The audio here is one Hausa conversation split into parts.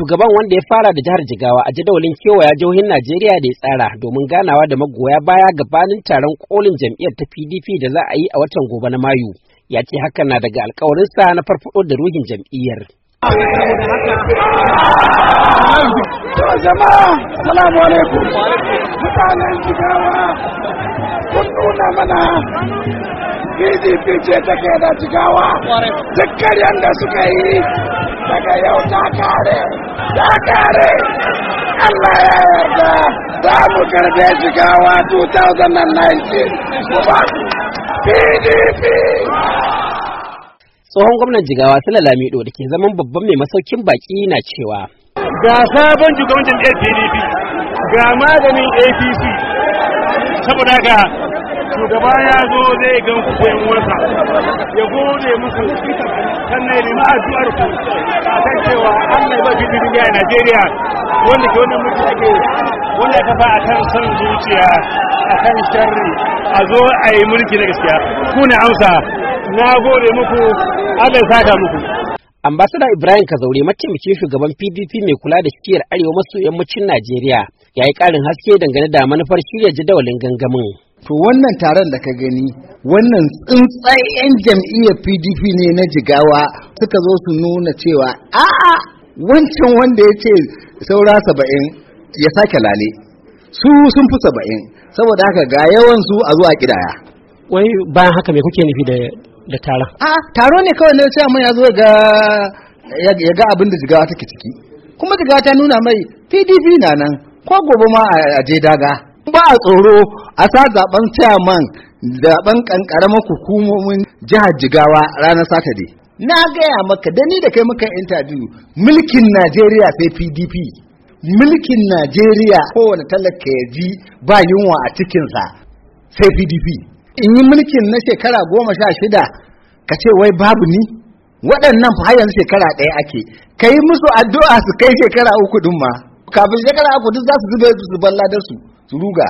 shugaban wanda ya fara da jihar Jigawa a jadawalin kewaya jihohin Najeriya da ya tsara domin ganawa da magoya baya gabanin taron kolin jam'iyyar ta PDP da za a yi a watan gobe na Mayu. Ya ce hakan na daga alkawarinsa na farfado da ruhin jam'iyyar. jama'a, salamu PDP ce take da Jigawa. Duk da suka yi daga yau ta kare ta kare Allah ya yarda za mu karbe shigawa 2019 kuma ba PDP tsohon gwamnan jigawa sala lamido da ke zaman babban mai masaukin baki na cewa ga sabon shugabancin apdp ga maganin apc saboda ga shugaba ya zo zai gan ku koyan wasa ya gode musu sannan ya nemi ma'azuwar ku a kan cewa an mai ba shi duniya a Najeriya wanda ke wannan mutu ake wanda ya kafa a kan son zuciya a kan shari a zo a yi mulki na gaskiya ku na amsa na gode muku Allah ya saka muku ambasada ibrahim kazaure mataimakin shugaban pdp mai kula da shiyar arewa maso yammacin najeriya ya yi karin haske dangane da manufar shirya jadawalin gangamin to wannan taron da ka gani wannan tsuntsayen jam'iyyar pdp ne na jigawa suka zo su nuna cewa a'a wancan wanda ya ce saura saba'in ya sake lale su sun fi saba'in saboda haka ga yawan su a zuwa kidaya wai bayan haka me kuke nufi da taron a taro ne kawai na cewa mai ya zo ga ya ga abin da jigawa take ciki kuma jigawa ta nuna mai pdp na nan ko gobe ma a je daga ba a tsoro a sa zaben chairman zaben kankaramar hukumomin jihar jigawa ranar saturday na gaya maka da ni da kai muka interview mulkin najeriya sai pdp mulkin najeriya kowane talaka ya ji ba yunwa a cikinsa sai pdp in yi mulkin na shekara goma sha shida ka ce wai babu ni waɗannan fa yanzu shekara ɗaya ake ka yi musu addu'a su kai shekara uku ɗin ma kafin shekara uku duk za su zube su balla da su ruga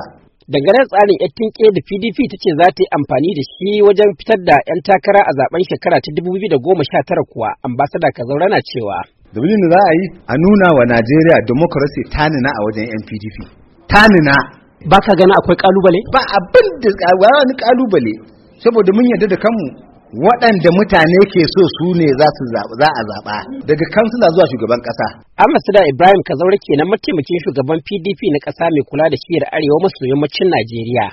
dangane tsarin yattinke da pdp ta ce za ta yi amfani da shi wajen fitar da 'yan takara a zaben shekara ta da goma tara kuwa ambasada kazaura na cewa dalilin da za a yi a nuna wa najeriya ta tanina a wajen 'yan pdp tanina ba ka gana akwai kalubale ba abin da wani kalubale saboda mun yarda da kanmu waɗanda mutane ke so su ne za a zaɓa daga kansila zuwa shugaban ƙasa. Amasida Ibrahim Kazaure nan mataimakin shugaban PDP na ƙasa mai kula da shiyar arewa maso yammacin Najeriya.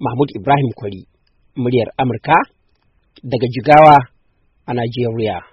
Mahmud Ibrahim Kwari, muryar Amurka daga Jigawa a Najeriya.